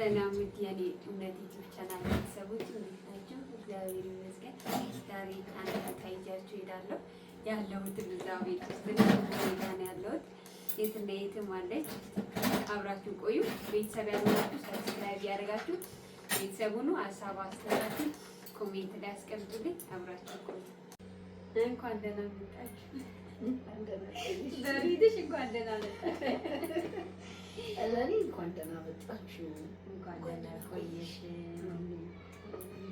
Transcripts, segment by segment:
ሰላም ውድ የኔ እምነት ዩቲዩብ ቻናል ቤተሰቦች እንዴት ናቸው? እግዚአብሔር ይመስገን። ዛሬ አነታ ይዣችሁ እሄዳለሁ። ያለሁት እዛው ቤት ውስጥ ሜዳ ነው ያለሁት። የት እንደ የትም አለች። አብራችሁ ቆዩ። ቤተሰብ ያልሆናችሁ ሰብስክራይብ ያደርጋችሁ ቤተሰብ ሁኑ። ሀሳብ አስተላችሁ ኮሜንት ላይ አስቀምጡልኝ። አብራችሁ ቆዩ። እንኳን ደህና መጣችሁ። ዛሬ እንኳን ደህና መጣችሁ ለእኔ እንኳን ደህና መጣችሁ፣ እንኳን ደህና ቆየሽ፣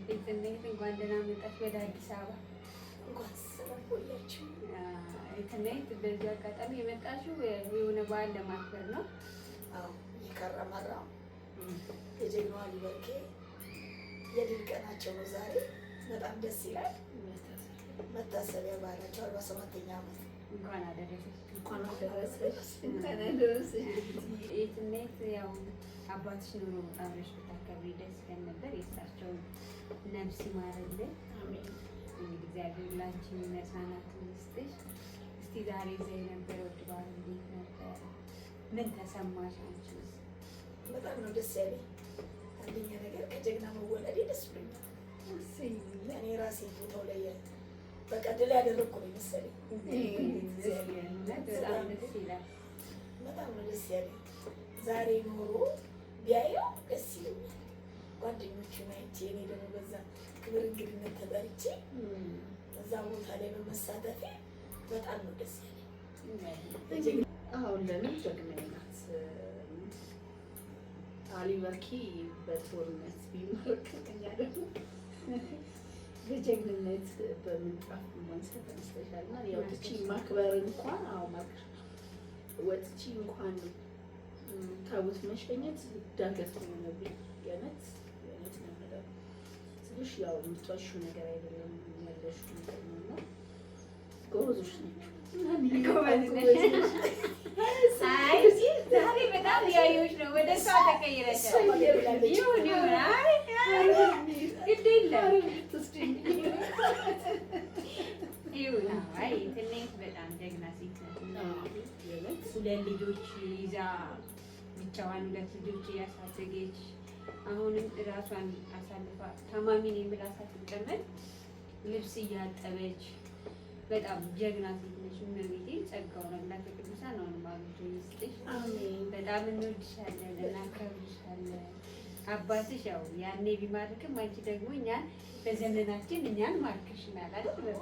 ቤትነት እንኳን ደህና መጣሽ ወደ አዲስ አበባ እንኳን ስለቆያችሁ። ቤትነት በዚህ አጋጣሚ የመጣችው የሆነ በዓል ለማክበር ነው። አዎ ይከረማራ የጀግናዋ ሊበርኬ የድል ቀናቸው ነው ዛሬ። በጣም ደስ ይላል። መታሰቢያ በዓላቸው አርባ ሰባተኛ ዓመት እንኳን አደረሰሽ እንኳን አደረሰሽ። የትነት ያው አባትሽ ኖሮ አብረሽ ብታከብሪ ደስ ይለን ነበር። የእሳቸው ነፍስ ይማርልን። እንግዲህ እግዚአብሔር ላንቺን መጽናናትን ይስጥሽ። እስቲ ዛሬ የነበረው እንዴት ነበረ? ምን ተሰማሽ አንቺ? በጣም ነው ደስ ያለኝ። አንደኛ ነገር ከጀግና መወለዴ ደስ ብሎኛል። እኔ ራሴ ቦታው ላይ ያደረግኩ ነው በጣም ነው ደስ ያለኝ። ዛሬ ኖሮ ቢያየው ደስ ይለኛል። ጓደኞቹን አይቼ እኔ ደግሞ በዛ ክብር እንግድነት ተጠርቼ እዛ ቦታ ላይ በመሳተፌ በጣም ነው ደስ ያለኝ። አሁን በርኪ በጦርነት ቢመረቀቅ እኛ ደግሞ ልጀግንነት በምንጣፍ ማንሳት አንስተሻል እና ወጥቼ ማክበር እንኳን አዎ ማክበር ወጥቼ እንኳን ታቦት መሸኘት ዳገት ሆነብኝ። የእውነት የእውነት ነው የምለው ስልሽ ያው የምትዋሺው ነገር አይደለም ያለሽው ነገር ነው እና ጎበዞች ናቸው። ዛሬ በጣም ያየሁሽ ነው ወደ እሷ ተቀይረሻል። ይሁን ይሁን አይ ግድ በጣም ሁለት ልጆች ይዛ ብቻዋን ሁለት ልጆች እያሳደገች አሁንም እራሷን አሳልፋ ታማሚ ነኝ ሳትቀመጥ ልብስ እያጠበች በጣም ጀግና ሴት ነች። እመቤቴ ጸጋውን አምላከ ቅዱሳን አሁንም አብዝቶ ይስጥሽ። በጣም እንወድሻለን፣ እናከብርሻለን። አባትሽ ያው ያኔ ቢማርክም አንቺ ደግሞ እኛን በዘመናችን እኛን ማርክሽናል አይደል?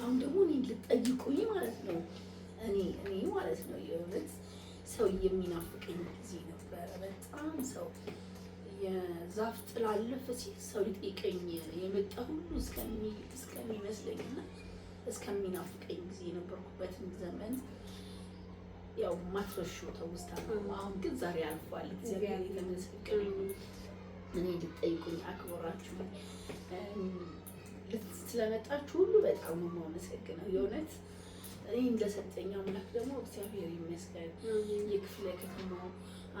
አሁን ደግሞ እኔን ልጠይቁኝ ማለት ነው። እኔ እኔ ማለት ነው የእውነት ሰው የሚናፍቀኝ ጊዜ ነበረ። በጣም ሰው የዛፍ ጥላ አለፈ ሲል ሰው ሊጠይቀኝ የመጣ ሁሉ እስከሚመስለኝና እስከሚናፍቀኝ ጊዜ የነበርኩበትን ዘመን ያው ማትወሹ ተውስታ ነው። አሁን ግን ዛሬ አልፏል። እግዚአብሔር የተመስገን። እኔ ልጠይቁኝ አክብራችሁ ስለመጣችሁ ሁሉ በጣም ነው የማመሰግነው። የእውነት ይህን ለሰጠኝ አምላክ ደግሞ እግዚአብሔር ይመስገን። የክፍለ ከተማው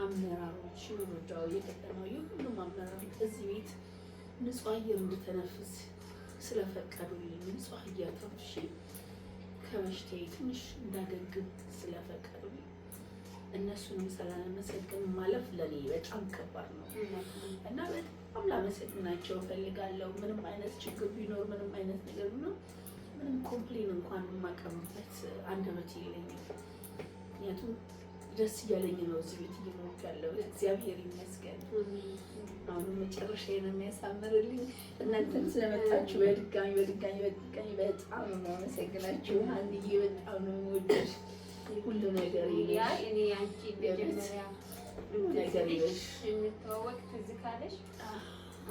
አመራሮች፣ የወረዳው፣ የቀጠናው የሁሉም አመራሮች እዚህ ቤት ንጹሕ አየር እንድተነፍስ ስለፈቀዱልኝ ንጹሕ አየር ተንፍሼ ከበሽታዬ ትንሽ እንዳገግም ስለፈቀዱ እነሱንም ስላመሰግን ማለፍ ለኔ በጣም ከባድ ነው እና በጣም ላመሰግናቸው እፈልጋለሁ። ምንም አይነት ችግር ቢኖር ምንም አይነት ነገር ቢኖር ምንም ኮምፕሌን እንኳን የማቀርብበት አንደበት የለኝም። ምክንያቱም ደስ እያለኝ ነው እዚህ ቤት እየኖ አድርጋለሁ። እግዚአብሔር ይመስገን። አሁን መጨረሻ ነው የሚያሳምርልኝ። እናንተም ስለመጣችሁ በድጋሚ በድጋሚ በድጋሚ በጣም ነው አመሰግናችሁ። አንዬ በጣም ነው የምወደሽ። ሁሉ ነገር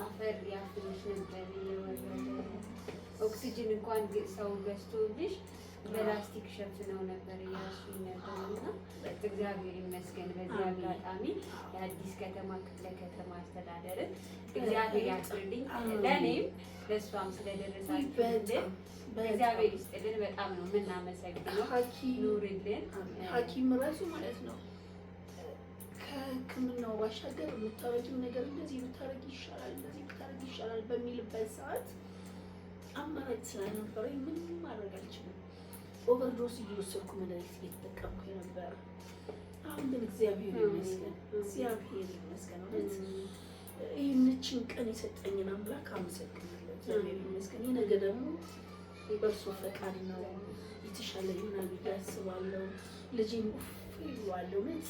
አፈር ያፍልሽ ነበር። ኦክሲጅን እንኳን ሰው ገዝቶልሽ በላስቲክ ሸፍነው ነበር እያሱኝ ነበር እና እግዚአብሔር ይመስገን በዚህ አጋጣሚ የአዲስ ከተማ ክፍለ ከተማ አስተዳደርን እግዚአብሔር ያቅርልኝ ለእኔም ለእሷም ስለደረሳችሁልን እግዚአብሔር ይስጥልን። በጣም ነው የምናመሰግነው። ኑርልን። ሐኪም ራሱ ማለት ነው ከሕክምናው ባሻገር የምታረጊው ነገር እንደዚህ ብታረጊ ይሻላል፣ እንደዚህ ብታረጊ ይሻላል በሚልበት ሰዓት አማራጭ ስላልነበረኝ ምንም ማድረግ አልችልም። ኦቨርዶስ እየወሰድኩ መድኃኒት እየተጠቀምኩኝ ነበር። አሁን ግን እግዚአብሔር ይመስገን፣ እግዚአብሔር ይመስገን። እውነት ይህንችን ቀን የሰጠኝን አምላክ አመሰግናለሁ። እግዚአብሔር ይመስገን። ይህ ነገ ደግሞ በእርሶ ፈቃድ ነው የተሻለ ይሆናል ብዬ አስባለሁ። ልጄን ይዋለው እውነት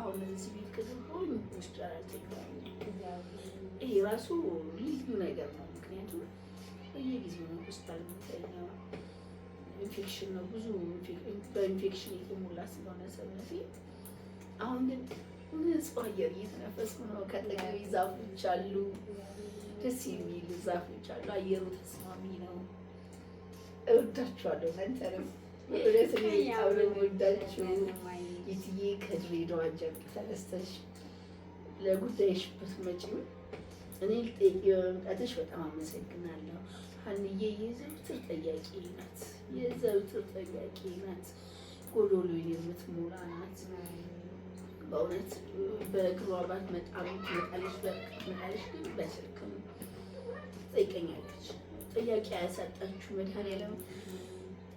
አሁን እዚህ ቤት ከገባሁኝ ውስጥ ይህ ራሱ ልዩ ነገር ነው። ምክንያቱም በየጊዜው ነው ሆስፒታል የምትተኛው ኢንፌክሽን ነው። ብዙ በኢንፌክሽን የተሞላ ስለሆነ ሰውነቴ አሁን ግን ንጹህ አየር እየተነፈስኩ ነው። ከአጠገቤ ዛፎች አሉ፣ ደስ የሚል ዛፎች አሉ። አየሩ ተስማሚ ነው። እወዳችኋለሁ። መንተርም እውነት አብረን ወዳችሁ የትዬ ከድሬዳዋ ጀምሮ ተነስተሽ ለጉዳይሽ ብትመጪም እኔ ልጠይቅ በመምጣትሽ በጣም አመሰግናለሁ። ሀንዬ የዘውትር ጠያቂ ናት። የዘውትር ጠያቂ ናት፣ ጎዶሎ የምትሞላ ናት። በእውነት በእግሯ ባትመጣ ትመጣለች፣ ትመጣለች ግን በስልክም ትጠይቀኛለች። ጥያቄ ያሳጣችሁ መድኃኔዓለም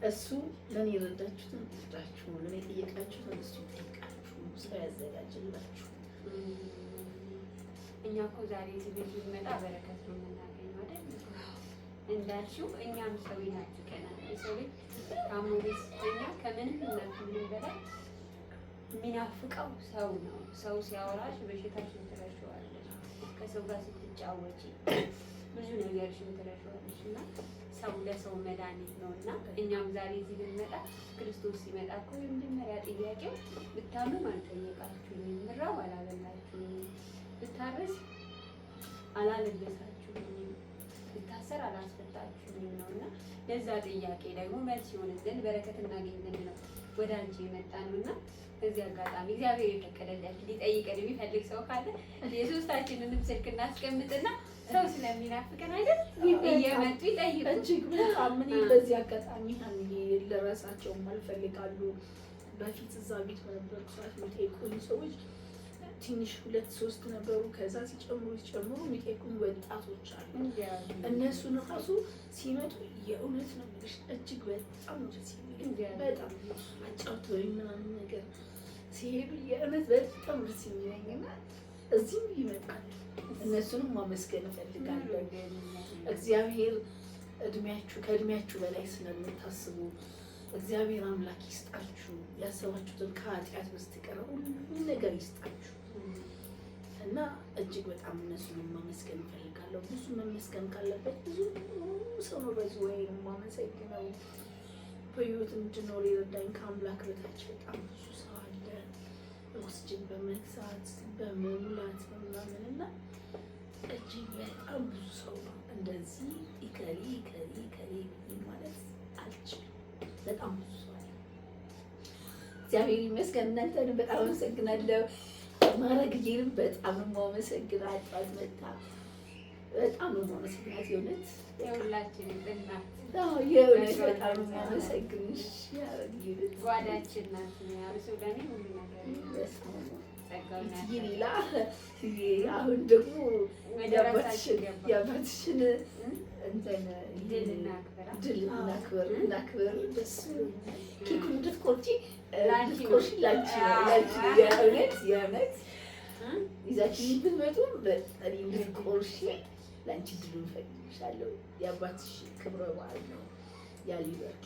እሱ ለእኔ የረዳችሁትን ትርዳችሁ፣ ለእኔ የጠየቃችሁትን እሱ ይጠይቃችሁ፣ ሰው ያዘጋጅላችሁ። እኛ እኮ ዛሬ እዚህ ቤት ብንመጣ በረከት ነው የምናገኘው አይደል? እንዳልሽው እኛም ሰው ይናፍቀናል። የሰው ልጅ ታሞ ቤት ሲተኛ ከምንም እና ከምንም በላይ የሚናፍቀው ሰው ነው። ሰው ሲያወራሽ በሽታሽን ትረሺዋለሽ፣ ከሰው ጋር ስትጫወቺ ብዙ ነገርሽን ትረሺዋለሽ እና ሰው ለሰው መድኃኒት ነው እና እኛም ዛሬ እዚህ ብንመጣ ክርስቶስ ሲመጣ እኮ የመጀመሪያ ጥያቄው ብታምም አልጠየቃችሁኝም፣ ምራብ አላለላችሁኝም፣ ብታረስ አላለበሳችሁኝም፣ ብታሰር አላስፈታችሁኝም ለዛ ጥያቄ ደግሞ መልስ ይሆን ዘንድ በረከት እናገኝ ዘንድ ነው ወደ አንቺ የመጣ ነው እና በዚህ አጋጣሚ እግዚአብሔር የፈቀደለት ሊጠይቀን የሚፈልግ ሰው ካለ የሶስታችንንም ስልክ እናስቀምጥና ሰው ስለሚናፍቀን አይደል እየመጡ ይጠይቁ። በዚህ አጋጣሚ ልረሳቸው አልፈልጋሉ። በፊት እዛ ቤት በነበርኩ ሰዓት የሚጠይቁኝ ሰዎች ትንሽ ሁለት ሶስት ነበሩ። ከዛ ሲጨምሩ ሲጨምሩ የሚጠይቁን ወጣቶች አሉ። እነሱ ራሱ ሲመጡ የእውነት ነው የምልሽ እጅግ በጣም ደስ በጣም አጫውተውኝ ምናምን ነገር ሲሄዱ የእውነት በጣም ደስ የሚለኝና እዚህም ይመጣል። እነሱንም ማመስገን እፈልጋለሁ። እግዚአብሔር እድሜያችሁ ከእድሜያችሁ በላይ ስለምታስቡ እግዚአብሔር አምላክ ይስጣችሁ። ያሰባችሁትን ከኃጢአት በስተቀር ሁሉ ነገር ይስጣችሁ። እና እጅግ በጣም እነሱን ማመስገን እፈልጋለሁ። ብዙ መመስገን ካለበት ብዙ ሰው ነው በዚህ ወይ ማመሰግነው በህይወት እንድኖር የረዳኝ ከአምላክ በታች በጣም ብዙ ሰው አለ። መስጅድ በመግዛት በመሙላት በምናምን እና እጅግ በጣም ብዙ ሰው ነው እንደዚህ ይከሪ ይከሪ ይከሪ ማለት አልችልም። በጣም ብዙ ሰው አለ። እግዚአብሔር ይመስገን። እናንተንም በጣም አመሰግናለሁ። ማድረግ ይህም በጣም የማመሰግናት አባት በጣም የማመሰግናት የእውነት የእውነት በጣም የማመሰግንሽ ጓዳችን ናት። አሁን ደግሞ የአባትሽን ድል እናክበር እናክበር። ደስ ኬኩን እንድትቆርጪ ላንቺ ነው የእውነት የእውነት ይዛችሁ ብትመጡ በጣም ቆርሼ ለአንቺ ድሉ ፈልሻለሁ። የአባትሽ ክብረ በዓል ነው። ያሊበርኪ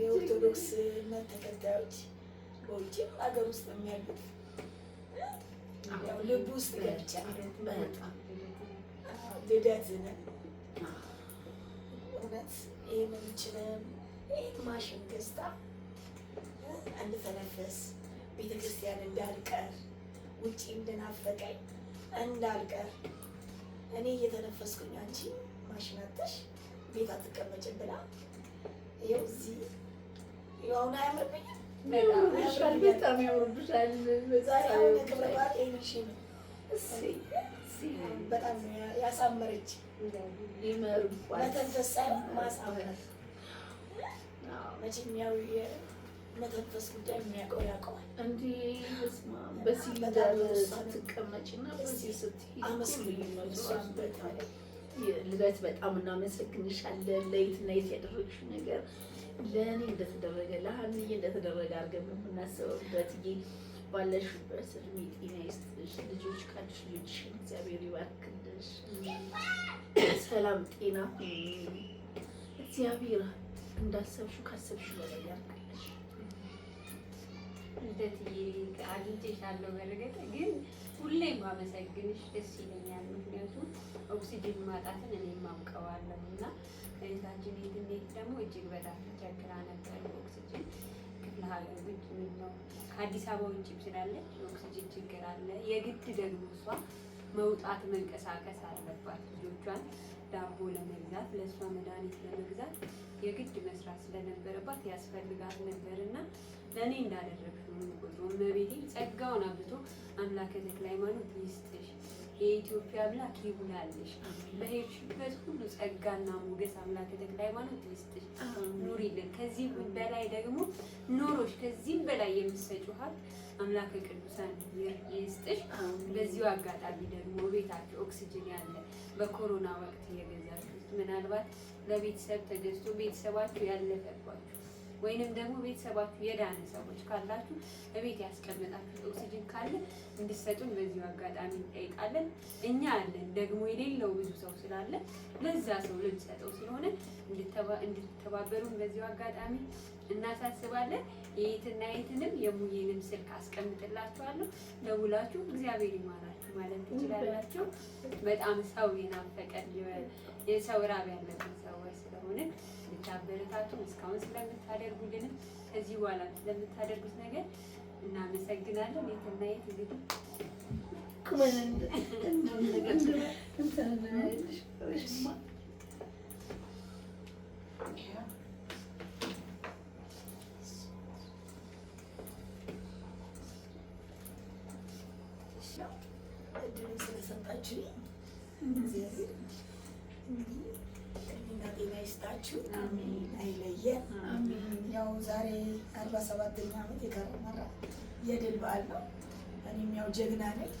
የኦርቶዶክስ እምነት ተከታዮች በውጭም ሀገር ውስጥ የሚያሉት ልብ ውስጥ ገብቻ ልደት ነን እውነት ይህን ማሽን ገዝታ እንድተነፍስ ቤተ ክርስቲያን እንዳልቀር ውጪ እንደናፈቀኝ እንዳልቀር እኔ እየተነፈስኩኝ አንቺ ማሽናተሽ ቤት አትቀመጭም ብላ ይኸው እዚህ አሁን አያምርብኝም። በጣም ያምርብሻል። ያሳመረች መተንፈስ ማሳመር መቼም ያው መተንፈስ ጉዳይ የሚያውቀው ያውቀዋል። እንዲ በሲሊንደር ስትቀመጭና ልበት በጣም እናመሰግንሻለን። ለየት እና የት ያደረግሽው ነገር ለእኔ እንደተደረገ ለሀንዬ እንደተደረገ አድርገን የምናስበበት ጊዜ ባለሽበት እድሜ ጤና ይስጥልሽ። ልጆች ካሉሽ ልጆችሽን እግዚአብሔር ይባርክልሽ። ሰላም ጤና እግዚአብሔር እንዳሰብሽው ካሰብሽው በላይ ያርግልሽ። ልደትዬ አግኝቼሻለሁ። በእርግጥ ግን ሁሌም አመሰግንሽ ደስ ይለኛል። ምክንያቱም ኦክሲጅን ማጣትን እኔ ማውቀዋለሁ እና ከቤታችን ቤት እንዴት ደግሞ እጅግ በጣም ተቸግራ ነበር። ኦክሲጅን ክፍለ ሀገር ውጭ ነው ከአዲስ አበባ ውጭ ስላለች ኦክሲጅን ችግር አለ። የግድ ደግሞ እሷ መውጣት መንቀሳቀስ አለባት። ልጆቿን ዳቦ ለመግዛት ለእሷ መድኃኒት ለመግዛት የግድ መስራት ስለነበረባት ያስፈልጋት ነበር እና ለእኔ እንዳደረግ የምንቆጥረው እመቤቴ ጸጋውን አብቶ አምላከ ተክለ ሃይማኖት ይስጥሽ። የኢትዮጵያ አምላክ ይብላልሽ። በሄድሽበት ሁሉ ጸጋና ሞገስ አምላከ ተክለ ሃይማኖት ይስጥሽ። ኑሪልን። ከዚህ በላይ ደግሞ ኖሮሽ ከዚህም በላይ የምትሰጪው ሀብት አምላከ ቅዱሳን ይስጥሽ። በዚሁ አጋጣሚ ደግሞ ቤታቸው ኦክሲጅን ያለ በኮሮና ወቅት የገዛችሁት ምናልባት ለቤተሰብ ተገዝቶ ቤተሰባችሁ ያለፈባችሁ ወይንም ደግሞ ቤተሰባችሁ የዳነ ሰዎች ካላችሁ እቤት ያስቀመጣችሁ ኦክሲጅን ካለ እንድሰጡን በዚሁ አጋጣሚ እንጠይቃለን። እኛ አለን ደግሞ የሌለው ብዙ ሰው ስላለ ለዛ ሰው ልንሰጠው ስለሆነ እንድተባበሩን በዚሁ አጋጣሚ እናሳስባለን። የየትና የትንም የሙዬንም ስልክ አስቀምጥላችኋለሁ። ደውላችሁ እግዚአብሔር ይማራችሁ ማለት ትችላላችሁ። በጣም ሰው የናፈቀን የሰው ራብ ያለብን ሰዎች ስለሆነ ስለምታበረታቱን እስካሁን ስለምታደርጉልን ከዚህ በኋላ ስለምታደርጉት ነገር እናመሰግናለን። የትናየት እንግዲህ ይስጣችሁ፣ አይለየን። ያው ዛሬ አርባ ሰባተኛ ዓመት የካራማራ የድል በዓል ነው። እኔም ያው ጀግና ነኝ፣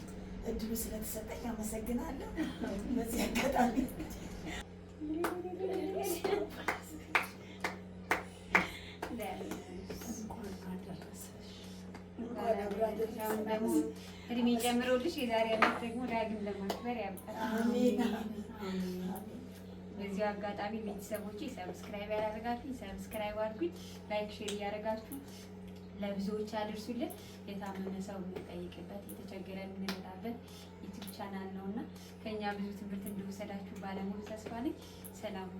እድሉ ስለተሰጠኝ አመሰግናለሁ። በዚህ አጋጣሚ እድሜ ጨምሮልሽ የዛሬ ዓመት ደግሞ ዳግም ለማክበር ያብቃል። በዚህ አጋጣሚ ቤተሰቦቼ ሰብስክራይብ ያላደረጋችሁ ሰብስክራይብ አድርጉኝ፣ ላይክ ሼር እያደረጋችሁ ለብዙዎች አድርሱልን። የታመመ ሰው የምንጠይቅበት የተቸገረ የምንመጣበት ዩቱብ ቻናል እና ከእኛ ብዙ ትምህርት እንደወሰዳችሁ ባለሙሉ ተስፋ ነኝ። ሰላም